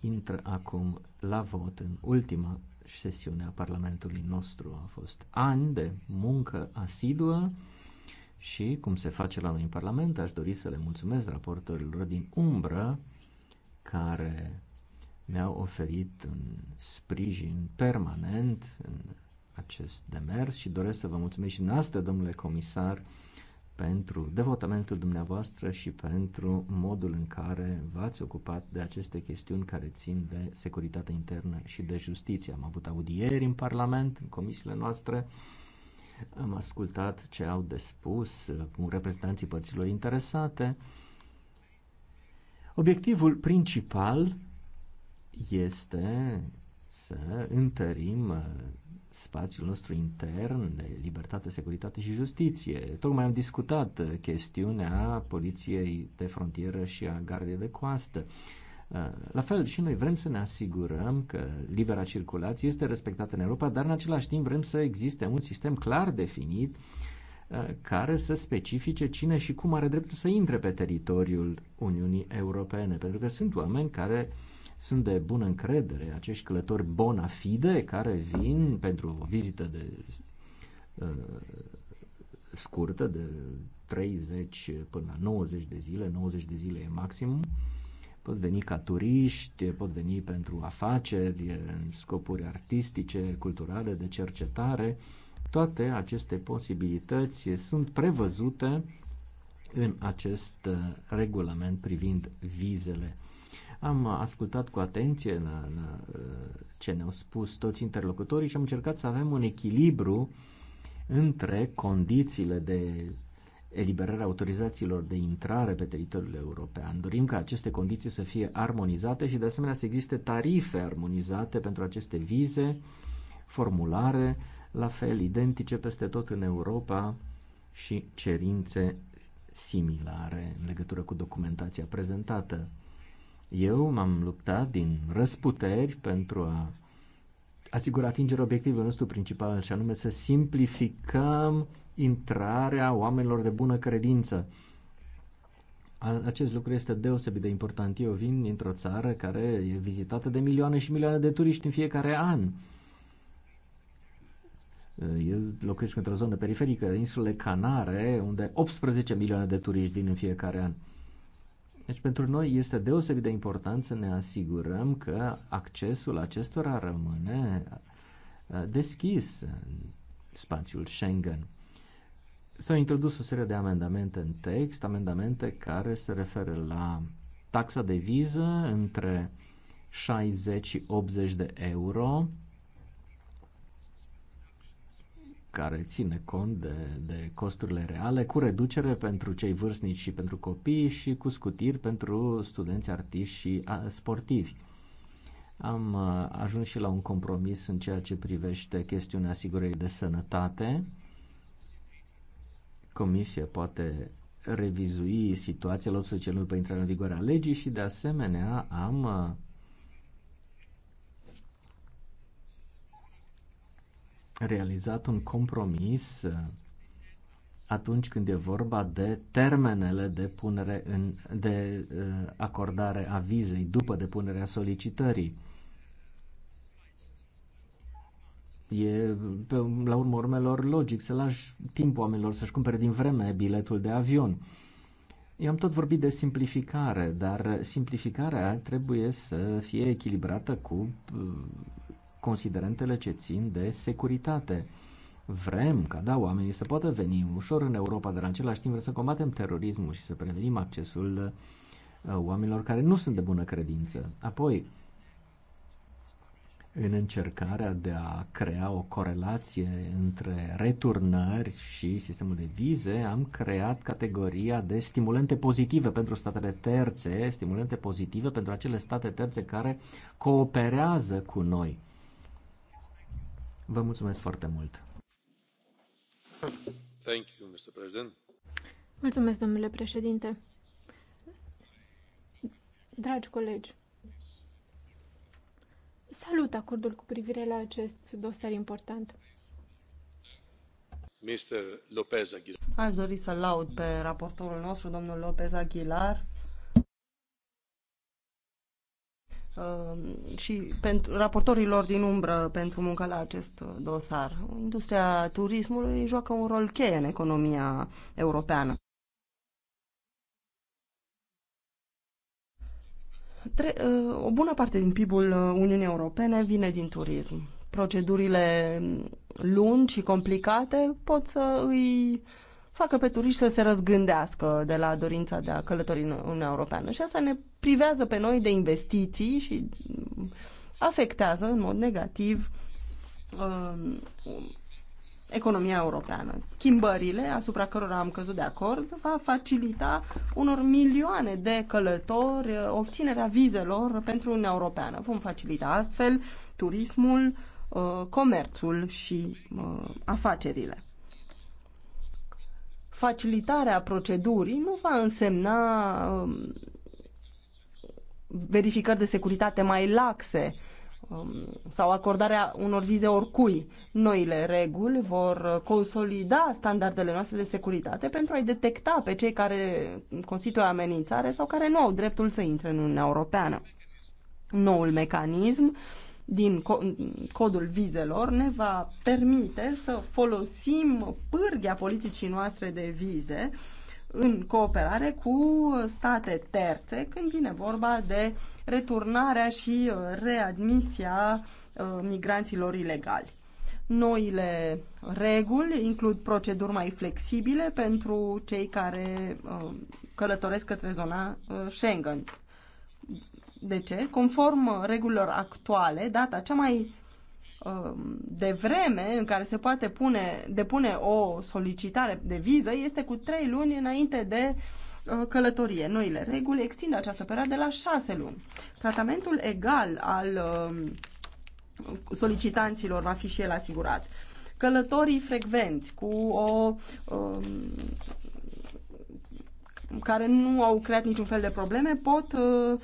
intră acum la vot în ultima sesiune a Parlamentului nostru. A fost ani de muncă asiduă și, cum se face la noi în Parlament, aș dori să le mulțumesc raportorilor din umbră care mi-au oferit un sprijin permanent în acest demers și doresc să vă mulțumesc și noastră, domnule comisar, pentru devotamentul dumneavoastră și pentru modul în care v-ați ocupat de aceste chestiuni care țin de securitatea internă și de justiție. Am avut audieri în Parlament, în comisiile noastre, am ascultat ce au de spus cu uh, reprezentanții părților interesate. Obiectivul principal este să întărim uh, spațiul nostru intern de libertate, securitate și justiție. Tocmai am discutat uh, chestiunea poliției de frontieră și a gardei de coastă. Uh, la fel și noi vrem să ne asigurăm că libera circulație este respectată în Europa, dar în același timp vrem să existe un sistem clar definit uh, care să specifice cine și cum are dreptul să intre pe teritoriul Uniunii Europene, pentru că sunt oameni care sunt de bună încredere, acești călători bona fide care vin pentru o vizită de uh, scurtă, de 30 până la 90 de zile, 90 de zile e maximum, pot veni ca turiști, pot veni pentru afaceri, scopuri artistice, culturale, de cercetare, uh, toate aceste posibilități sunt prevăzute în acest uh, regulament privind vizele. Am ascultat cu atenție în, în, uh, ce ne-au spus toți interlocutorii și am încercat să avem un echilibru între condițiile de eliberare autorizațiilor de intrare pe teritoriul european. Dorim ca aceste condiții să fie armonizate și de asemenea să existe tarife armonizate pentru aceste vize, formulare la fel identice peste tot în Europa și cerințe similare în legătură cu documentația prezentată. Eu m-am luptat din răsputeri pentru a asigura atingerea obiectivului nostru principal, și anume să simplificăm intrarea oamenilor de bună credință. Acest lucru este deosebit de important. Eu vin dintr-o țară care e vizitată de milioane și milioane de turiști în fiecare an. Eu eh, locuiesc într-o zonă periferică, insule Canare, unde 18 milioane de turiști vin în fiecare an. Deci pentru noi este deosebit de important să ne asigurăm că accesul acestora rămâne eh, deschis în spațiul Schengen. S-au introdus o serie de amendamente în text, amendamente care se referă la taxa de viză între 60 și 80 de euro, care ține cont de, de costurile reale, cu reducere pentru cei vârstnici și pentru copii și cu scutiri pentru studenți, artiști și sportivi. Am ajuns și la un compromis în ceea ce privește chestiunea asigurării de sănătate. Comisia poate revizui situația la 18 luni pe intrarea în vigoare a legii și de asemenea am realizat un compromis uh, atunci când e vorba de termenele de punere în, de uh, acordare a vizei după depunerea solicitării. E, pe, la urmă urmelor, logic să lași timp oamenilor să-și cumpere din vreme biletul de avion. Eu am tot vorbit de simplificare, dar simplificarea trebuie să fie echilibrată cu uh, considerentele ce țin de securitate. Vrem ca, da, oamenii să poată veni ușor în Europa, dar în același timp vrem să combatem terorismul și să prevenim accesul uh, oamenilor care nu sunt de bună credință. Apoi, în încercarea de a crea o corelație între returnări și sistemul de vize, am creat categoria de stimulente pozitive pentru statele terțe, stimulente pozitive pentru acele state terțe care cooperează cu noi. Vă mulțumesc foarte mult! Thank you, Mr. President. Mulțumesc, domnule președinte. Dragi colegi, salut acordul cu privire la acest dosar important. Mr. Lopez Aguilar. Aș dori să laud pe raportorul nostru, domnul Lopez Aguilar, Um, și pentru raportorilor din umbră pentru munca la acest uh, dosar. Industria turismului joacă un rol cheie în economia europeană. Tre uh, o bună parte din PIB-ul uh, Uniunii Europene vine din turism. Procedurile lungi și complicate pot să îi facă pe turiști să se răzgândească de la dorința de a călători în Uniunea Europeană. Și asta ne privează pe noi de investiții și afectează în mod negativ uh, economia europeană. Schimbările asupra cărora am căzut de acord va facilita unor milioane de călători uh, obținerea vizelor pentru Uniunea Europeană. Vom facilita astfel turismul, uh, comerțul și uh, afacerile facilitarea procedurii nu va însemna um, verificări de securitate mai laxe um, sau acordarea unor vize oricui. Noile reguli vor consolida standardele noastre de securitate pentru a-i detecta pe cei care constituie amenințare sau care nu au dreptul să intre în Uniunea Europeană. Noul mecanism uh, din codul vizelor ne va permite să folosim pârghia politicii noastre de vize în cooperare cu state terțe când vine vorba de returnarea și uh, readmisia uh, migranților ilegali. Noile reguli includ proceduri mai flexibile pentru cei care uh, călătoresc către zona Schengen. De ce? Conform regulilor actuale, data cea mai um, de vreme în care se poate pune, depune o solicitare de viză este cu trei luni înainte de uh, călătorie. Noile reguli extind această perioadă la șase luni. Tratamentul egal al um, solicitanților va fi și el asigurat. Călătorii frecvenți cu o um, care nu au creat niciun fel de probleme pot uh,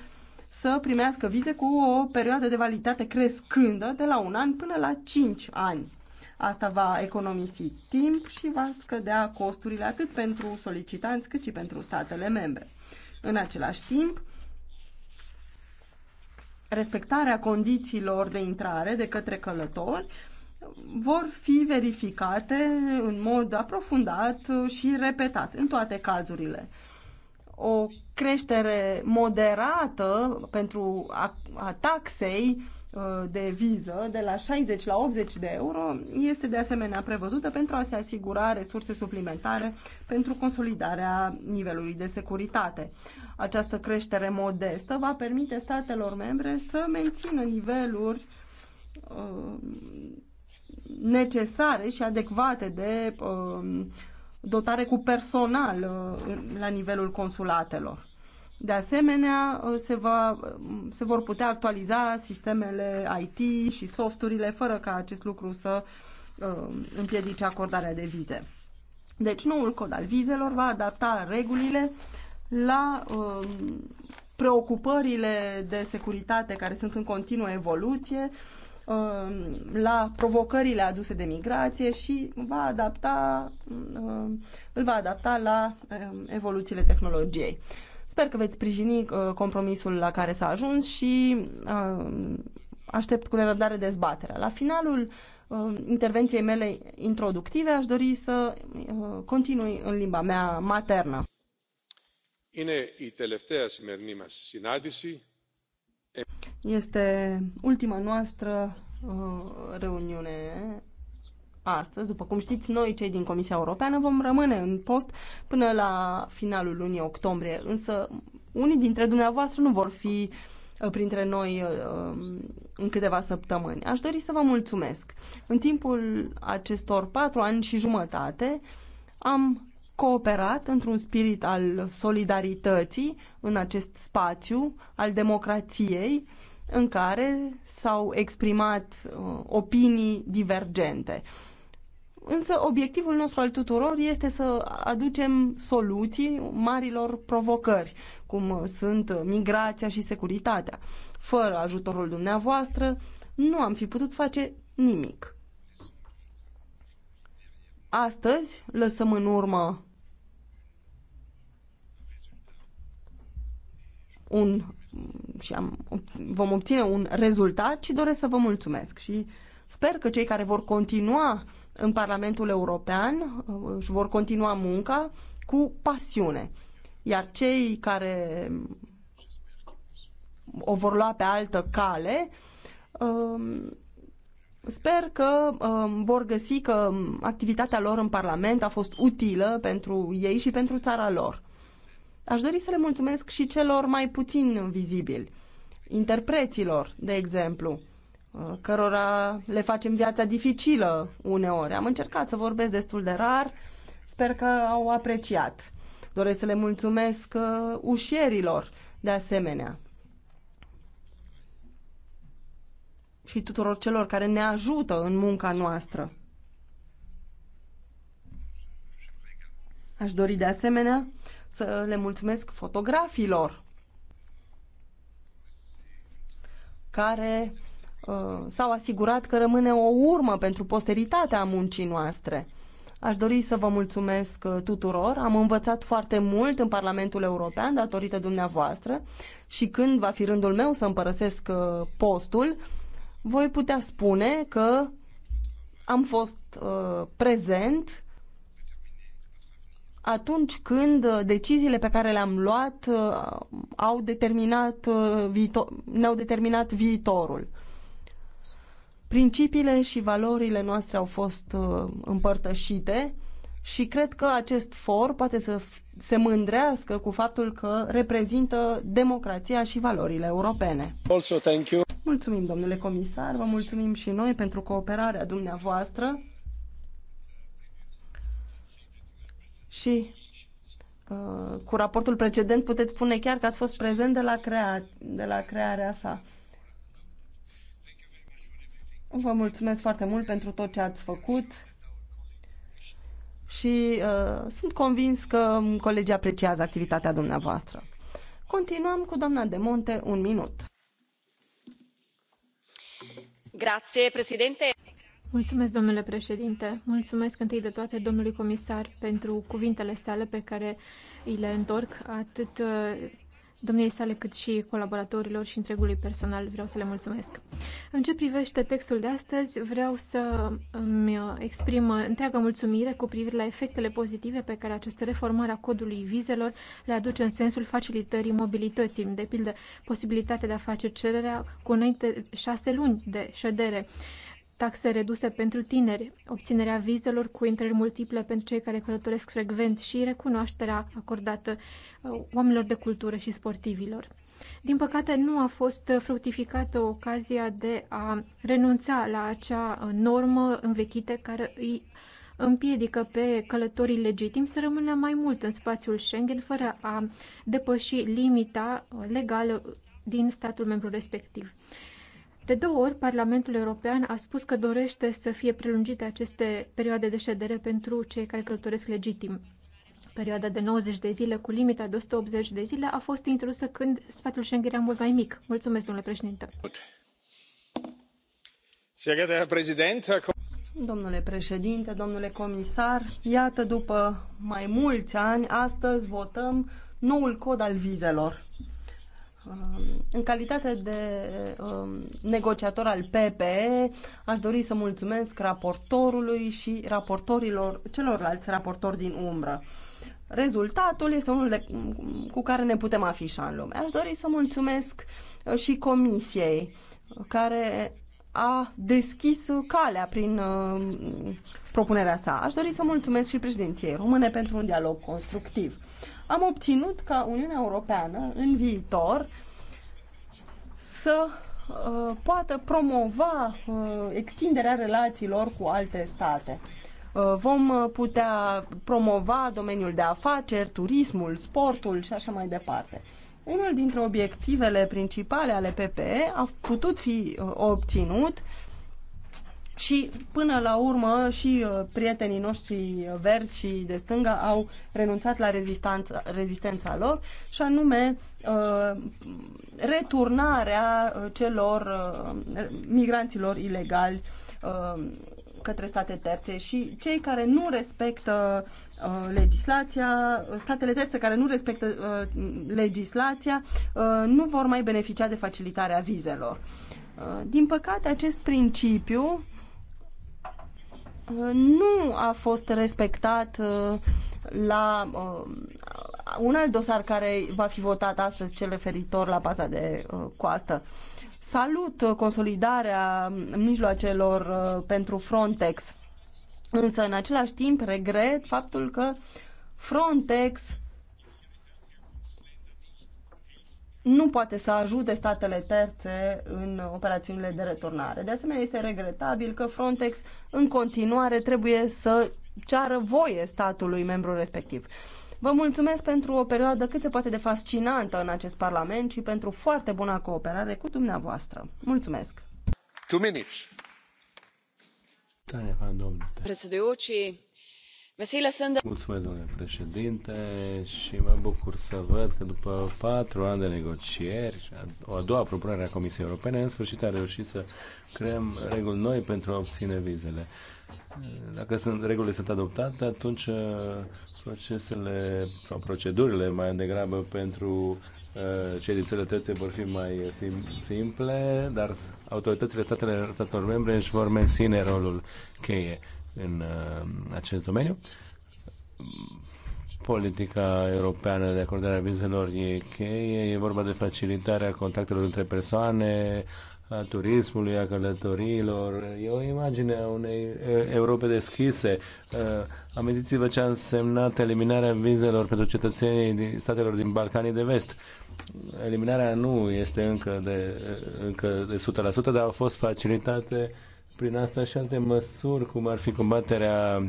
să primească vize cu o perioadă de validitate crescândă de la un an până la 5 ani. Asta va economisi timp și va scădea costurile atât pentru solicitanți cât și pentru statele membre. În același timp, respectarea condițiilor de intrare de către călători vor fi verificate în mod aprofundat și repetat în toate cazurile. O creștere moderată pentru a, a taxei uh, de viză de la 60 la 80 de euro este de asemenea prevăzută pentru a se asigura resurse suplimentare pentru consolidarea nivelului de securitate. Această creștere modestă va permite statelor membre să mențină niveluri uh, necesare și adecvate de uh, dotare cu personal uh, la nivelul consulatelor. De asemenea, uh, se, va, uh, se vor putea actualiza sistemele IT și softurile fără ca acest lucru să uh, împiedice acordarea de vize. Deci noul cod al vizelor va adapta regulile la uh, preocupările de securitate care sunt în continuă evoluție uh, Uh, la provocările aduse de migrație și va adapta, uh, îl va adapta la uh, evoluțiile tehnologiei. Sper că veți sprijini compromisul la care s-a ajuns și aștept cu nerăbdare dezbaterea. La finalul intervenției mele introductive aș dori să continui în limba mea maternă. Είναι η τελευταία σημερινή μας συνάντηση este ultima noastră uh, reuniune astăzi. După cum știți, noi, cei din Comisia Europeană, vom rămâne în post până la finalul lunii octombrie. Însă, unii dintre dumneavoastră nu vor fi uh, printre noi uh, în câteva săptămâni. Aș dori să vă mulțumesc. În timpul acestor patru ani și jumătate am cooperat într-un spirit al solidarității în acest spațiu al democrației în care s-au exprimat uh, opinii divergente. Însă obiectivul nostru al tuturor este să aducem soluții marilor provocări, cum uh, sunt uh, migrația și securitatea. Fără ajutorul dumneavoastră, nu am fi putut face nimic. Astăzi lăsăm în urmă un și am, vom obține un rezultat și doresc să vă mulțumesc și sper că cei care vor continua în Parlamentul European uh, își vor continua munca cu pasiune. Iar cei care o vor lua pe altă cale um, sper că um, vor găsi că activitatea lor în Parlament a fost utilă pentru ei și pentru țara lor. Aș dori să le mulțumesc și celor mai puțin vizibili, interpreților, de exemplu, uh, cărora le facem viața dificilă uneori. Am încercat să vorbesc destul de rar, sper că au apreciat. Doresc să le mulțumesc uh, ușierilor, de asemenea. Și tuturor celor care ne ajută în munca noastră. Aș dori de asemenea să le mulțumesc fotografilor care uh, s-au asigurat că rămâne o urmă pentru posteritatea muncii noastre. Aș dori să vă mulțumesc uh, tuturor. Am învățat foarte mult în Parlamentul European datorită dumneavoastră și când va fi rândul meu să împărăsesc uh, postul, voi putea spune că am fost uh, prezent atunci când uh, deciziile pe care le-am luat uh, au determinat uh, viitor, ne-au determinat viitorul. Principiile și valorile noastre au fost împărtășite și cred că acest for poate să se mândrească cu faptul că reprezintă democrația și valorile europene. Also, thank you. Mulțumim, domnule comisar, vă mulțumim și noi pentru cooperarea dumneavoastră. și uh, cu raportul precedent puteți spune chiar că ați fost prezent de la, crea- de la crearea sa. Vă mulțumesc foarte mult pentru tot ce ați făcut și uh, sunt convins că colegii apreciază activitatea dumneavoastră. Continuăm cu doamna De Monte, un minut. Grazie, președinte. Mulțumesc, domnule președinte. Mulțumesc întâi de toate domnului comisar pentru cuvintele sale pe care îi le întorc atât uh, domniei sale cât și colaboratorilor și întregului personal. Vreau să le mulțumesc. În ce privește textul de astăzi, vreau să îmi exprim întreaga mulțumire cu privire la efectele pozitive pe care această reformare a codului vizelor le aduce în sensul facilitării mobilității, de pildă posibilitatea de a face cererea cu înainte șase luni de ședere taxe reduse pentru tineri, obținerea vizelor cu intrări multiple pentru cei care călătoresc frecvent și recunoașterea acordată uh, oamenilor de cultură și sportivilor. Din păcate, nu a fost fructificată ocazia de a renunța la acea uh, normă învechită care îi împiedică pe călătorii legitimi să rămână mai mult în spațiul Schengen fără a depăși limita uh, legală din statul membru respectiv. De două ori, Parlamentul European a spus că dorește să fie prelungite aceste perioade de ședere pentru cei care călătoresc legitim. Perioada de 90 de zile cu limita de 180 de zile a fost introdusă când spațiul Schengen era mult mai mic. Mulțumesc, domnule președinte. Domnule președinte, domnule comisar, iată, după mai mulți ani, astăzi votăm noul cod al vizelor. Um, în calitate de um, negociator al PPE, aș dori să mulțumesc raportorului și raportorilor, celorlalți raportori din umbră. Rezultatul este unul de, cu care ne putem afișa în lume. Aș dori să mulțumesc uh, și comisiei care a deschis calea prin uh, propunerea sa. Aș dori să mulțumesc și președinției române pentru un dialog constructiv am obținut ca Uniunea Europeană în viitor să uh, poată promova uh, extinderea relațiilor cu alte state. Uh, vom uh, putea promova domeniul de afaceri, turismul, sportul și așa mai departe. Unul dintre obiectivele principale ale PPE a putut fi uh, obținut și până la urmă și uh, prietenii noștri verzi și de stânga au renunțat la rezistența lor și anume uh, returnarea uh, celor migranților ilegali către state terțe și cei care nu respectă uh, legislația, statele terțe care nu respectă uh, legislația, uh, nu vor mai beneficia de facilitarea vizelor. din păcate, acest principiu nu a fost respectat uh, la uh, un alt dosar care va fi votat astăzi, cel referitor la baza de uh, coastă. Salut consolidarea mijloacelor pentru Frontex, însă în același timp regret faptul că Frontex nu poate să ajute statele terțe în operațiunile de returnare. De asemenea, este regretabil că Frontex în continuare trebuie să ceară voie statului membru respectiv. Vă mulțumesc pentru o perioadă cât se poate de fascinantă în acest Parlament și pentru foarte bună cooperare cu dumneavoastră. Mulțumesc! Two minutes. Tania, domnule președinte, și mă bucur să văd că după patru ani de negocieri, o a doua propunere a Comisiei Europene, în sfârșit a reușit să creăm reguli noi pentru a obține vizele. Dacă sunt, regulile sunt adoptate, atunci uh, procesele sau procedurile mai degrabă pentru uh, cei din țările terțe vor fi mai simple, dar autoritățile statelor membre își vor menține rolul cheie în uh, acest domeniu. Politica europeană de acordare a vizelor e cheie, e vorba de facilitarea contactelor între persoane, a turismului, a călătorilor. E o imagine a unei uh, Europe deschise. Uh, amintiți-vă ce a însemnat eliminarea vizelor pentru cetățenii statelor din Balcanii de Vest. Eliminarea nu este încă de, încă de 100%, dar au fost facilitate prin asta și alte măsuri, cum ar fi combaterea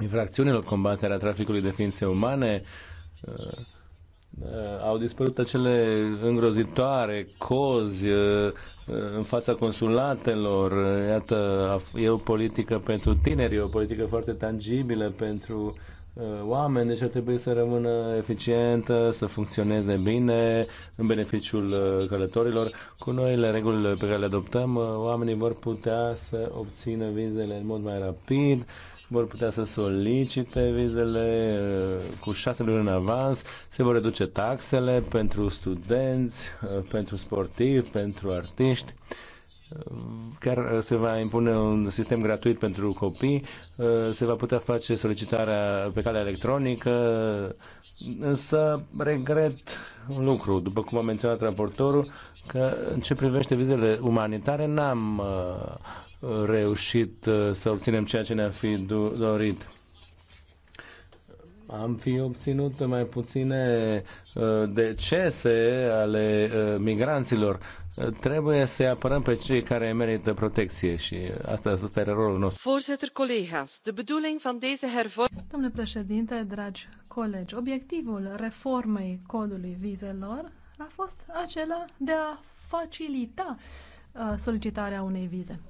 infracțiunilor, combaterea traficului de ființe umane, uh, uh, au dispărut acele îngrozitoare cozi uh, în fața consulatelor. Iată, e o politică pentru tineri, e o politică foarte tangibilă pentru Uh, oameni, deci ar trebui să rămână eficientă, să funcționeze bine în beneficiul uh, călătorilor. Cu noile reguli pe care le adoptăm, uh, oamenii vor putea să obțină vizele în mod mai rapid, vor putea să solicite vizele cu șase luni în avans, se vor reduce taxele pentru studenți, pentru sportivi, pentru artiști chiar se va impune un sistem gratuit pentru copii, uh, se va putea face solicitarea pe cale electronică, însă regret un lucru, după cum a menționat raportorul, că în ce privește vizele umanitare n-am uh, reușit uh, să obținem ceea ce ne-a fi dorit am fi obținut mai puține uh, decese ale uh, migranților. Uh, trebuie să apărăm pe cei care merită protecție și asta, asta era rolul nostru. Voorzitter, collega's, de bedoeling van deze hervorming... Domnule președinte, dragi colegi, obiectivul reformei codului vizelor a fost acela de a facilita solicitarea unei vize.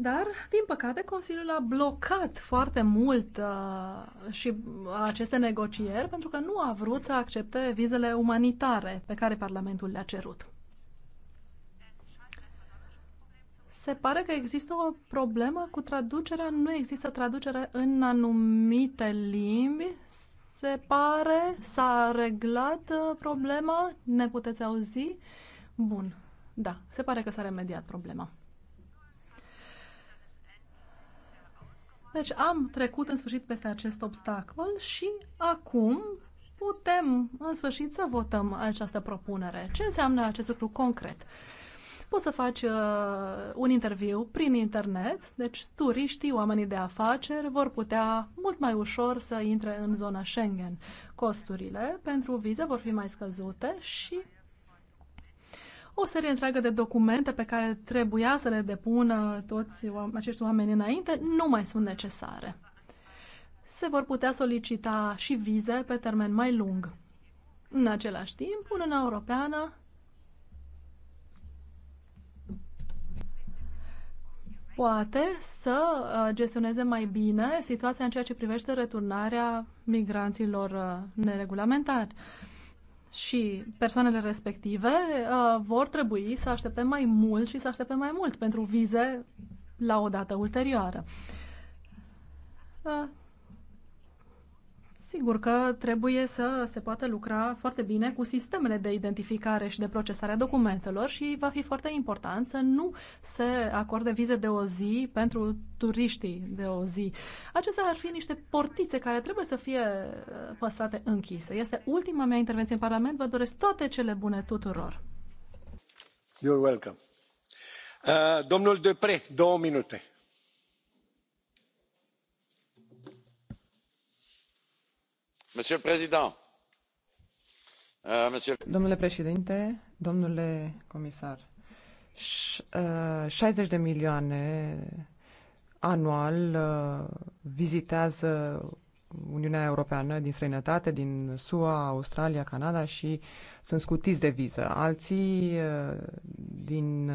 Dar, din păcate, Consiliul a blocat foarte mult uh, și uh, aceste negocieri pentru că nu a vrut să accepte vizele umanitare pe care Parlamentul le-a cerut. Se pare că există o problemă cu traducerea, nu există traducere în anumite limbi. Se pare, s-a reglat uh, problema, ne puteți auzi? Bun, da, se pare că s-a remediat problema. Deci am trecut în sfârșit peste acest obstacol și acum putem în sfârșit să votăm această propunere. Ce înseamnă acest lucru concret? Poți să faci uh, un interviu prin internet, deci turiștii, oamenii de afaceri vor putea mult mai ușor să intre în zona Schengen. Costurile pentru vize vor fi mai scăzute și o serie întreagă de documente pe care trebuia să le depună toți acești oameni înainte, nu mai sunt necesare. Se vor putea solicita și vize pe termen mai lung. În același timp, Uniunea Europeană poate să uh, gestioneze mai bine situația în ceea ce privește returnarea migranților uh, neregulamentari și persoanele respective uh, vor trebui să aștepte mai mult și să aștepte mai mult pentru vize la o dată ulterioară. Uh, Sigur că trebuie să se poată lucra foarte bine cu sistemele de identificare și de procesare a documentelor și va fi foarte important să nu se acorde vize de o zi pentru turiștii de o zi. Acestea ar fi niște portițe care trebuie să fie uh, păstrate închise. Este ultima mea intervenție în Parlament. Vă doresc toate cele bune tuturor. You're welcome. Uh, domnul Depre, două minute Euh, domnule președinte domnule comisar uh, șaizeci de milioane anual uh, vizitează uniunea europeană din străinătate din sua australia canada și sunt scutiți de viză alții uh, din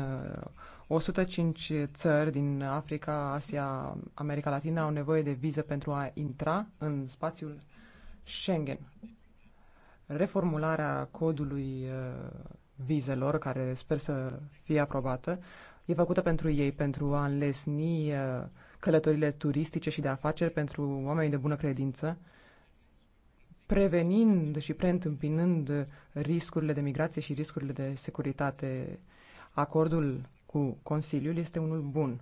cinci țări din Africa, Asia, America Latină au nevoie de viză pentru a intra în spațiul Schengen. Reformularea codului uh, vizelor, care sper să fie aprobată, e făcută pentru ei, pentru a înlesni uh, călătorile turistice și de afaceri pentru oamenii de bună credință, prevenind și preîntâmpinând riscurile de migrație și riscurile de securitate. Acordul cu Consiliul este unul bun.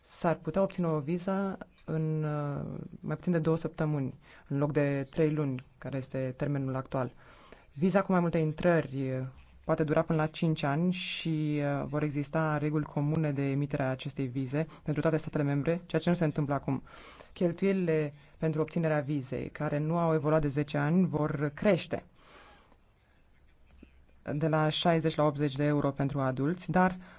S-ar putea obține o viză în uh, mai puțin de două săptămâni, în loc de trei luni, care este termenul actual. Viza cu mai multe intrări uh, poate dura până la 5 ani și uh, vor exista reguli comune de emitere a acestei vize pentru toate statele membre, ceea ce nu se întâmplă acum. Cheltuielile pentru obținerea vizei, care nu au evoluat de 10 ani, vor crește de la 60 la 80 de euro pentru adulți, dar